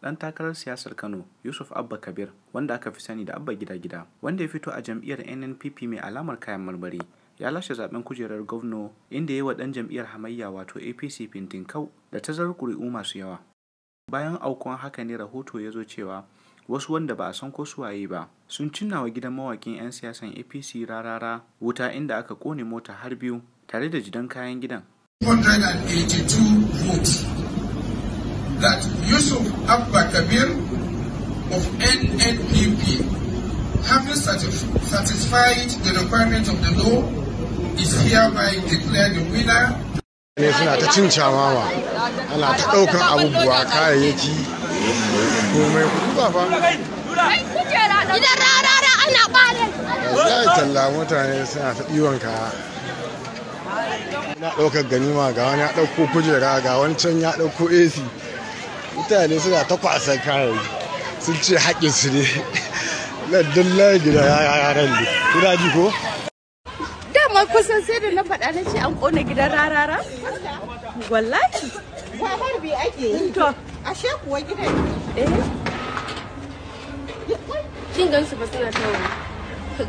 Ɗan takarar siyasar Kano, Yusuf Abba Kabir, wanda aka fi sani da Abba Gida Gida, wanda ya fito a jam'iyyar NNPP mai alamar kayan marmari, ya lashe zaben kujerar gwamna inda ya yi wa ɗan jam'iyyar hamayya wato APC kau da tazarar ƙuri'u masu yawa. Bayan aukuwan haka ne rahoto ya zo cewa wasu wanda ba a san ko suwaye ba sun cinna wa gidan mawakin 'yan siyasan APC rarara wuta inda aka kone mota har biyu tare da jidan kayan gidan. votes that Yusuf Abba Kabir of NNPP, having satisfied the requirement of the law, is hereby declared the winner. ne suna ta cin camama ana ta ɗaukar abubuwa kayayyaki komai kuɗa ba idan da ana ɓale ya yi talla mutane suna ta ɗiwon kaya na ɗaukar ganima ga wani ya ɗauko kujera ga wani can ya ɗauko ac mutane suna ta kwasan kayayyaki sun ce haƙƙin su ne lardin layin gida yaran da kuna ji ko dama kusan sai da na faɗa na ce an ƙona gidan rarara wallahi ba harbi ake yi to ashe kuwa gidan eh kin su ba suna tawo kai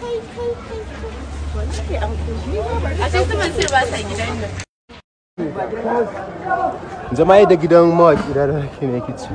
kai kai kai wallahi an a sai kuma sai ba sa gidan nan zama da gidan mawaƙi da rarraki ne yake ci